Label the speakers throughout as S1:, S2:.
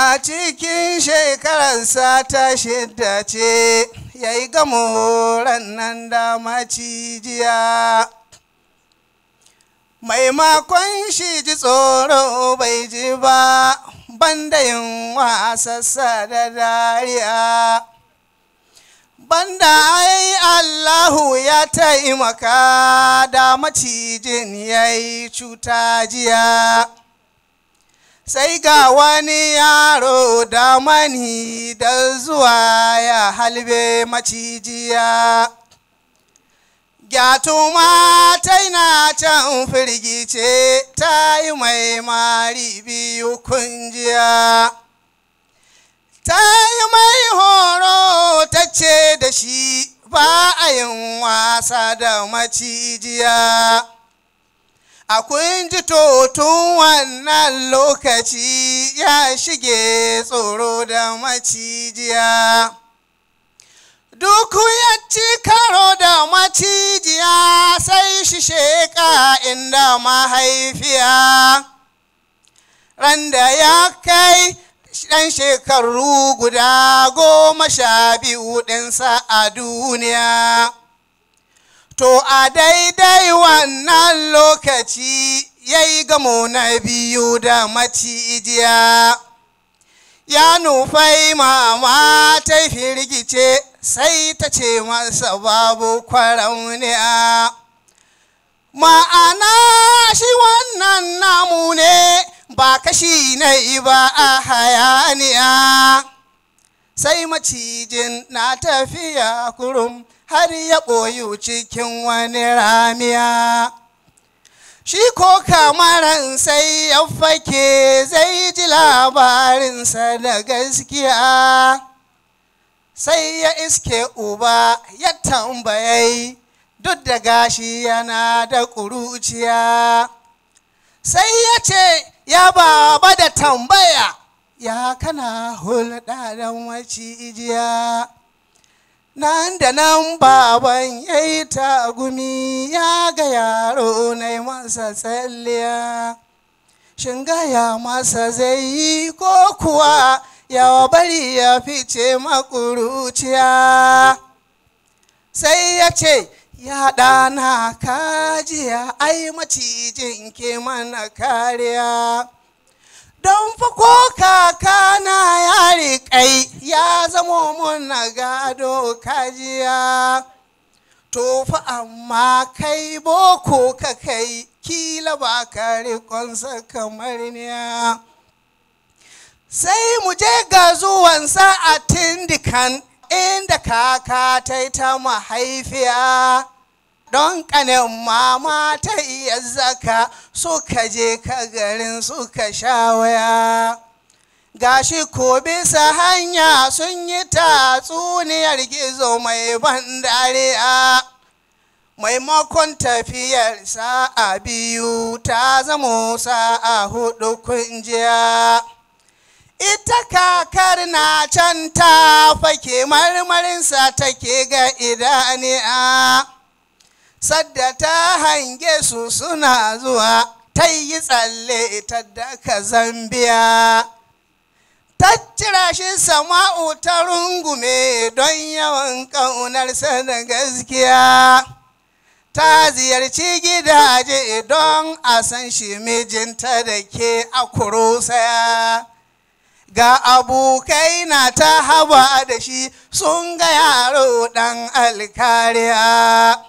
S1: a cikin shekararsa ta shidda ce ya yi gamo nan da macijiya maimakon shi ji tsoro bai ji ba banda yin wasassa da dariya banda ai allahu ya taimaka da macijin ya yi cuta jiya sai ga wani yaro da mani da zuwa ya halbe macijiya gyatuma na can firgice ta yi mai mari biyu kunjiya ta yi mai horo ta ce da shi ba a yin wasa da macijiya a kun ji totun wannan lokaci ya shige tsoro da macijiya duk ya ci karo da macijiya sai shi sheka inda mahaifiya randa ya kai ɗan shekaru guda goma sha biyu ɗinsa a duniya To a daidai wannan lokaci ya yi gamo na biyu da macijiya, ya nufai mama ta firgice sai ta ce masa babu kwarauniya. Ma'ana shi wannan namu ne ba kashi na ba a hayaniya, sai macijin na tafiya kurum. har ya ɓoyi cikin wani ramiya shi ko kamaran sai ya fake zai ji labarinsa da gaskiya sai ya iske uba ya tambayai duk da gashi yana da ƙuruciya sai ya ce ya baba da tambaya ya kana hulɗa da macijiya nan da nan baban ya yi tagumi ya ga yaro na masa tsalliya shin gaya masa zai yi ko kuwa yawa bari ya fice makuruciya sai ya ce ya ɗana kajiya ai macijin ke mana kariya don fa ko kaka kajiya to fa amma kai boko ka kai kila ba ka rikonsa kamar niya sai mu je ga zuwansa a tindikan inda kaka ta yi ta mahaifiya don kanin mama ta iya zaka suka je ka garin suka sha waya gashi ko bisa hanya sun yi tatsuniyar gizo mai ban dariya maimakon tafiyar sa'a biyu ta zamo sa'a hudu kunjiya ita kakar na can ta fake marmarinsa take ga idaniya sadda ta hange su suna zuwa ta yi tsalle ta daka zambiya tattira shi sama'u ta rungume don yawan ƙaunarsa da gaskiya ta ziyarci gidaje don a san shi mijinta da ke a kurusaya ga abokai na ta haba da shi sun ga yaro ɗan alkariya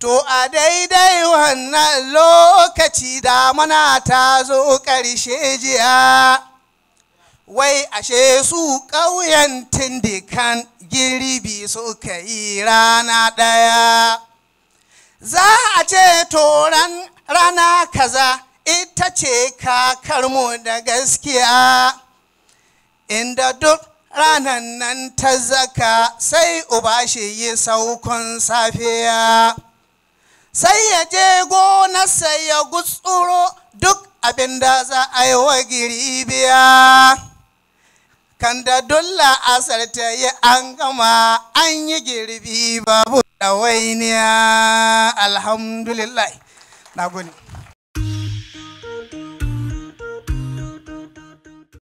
S1: to a daidai wannan lokaci damana ta zo ƙarshe jiya wai ashe su ƙauyen tindikan girbi suka yi rana ɗaya za a ce toron rana kaza ita ce kakarmu da gaskiya inda duk ranan nan ta zaka sai uba shi yi saukon safiya sai ya je gonarsa ya gutsuro duk abin da za a yi wa giribiya kanda dulla asar ta yi an gama an yi girbi babu dawainiya alhamdulillah na gani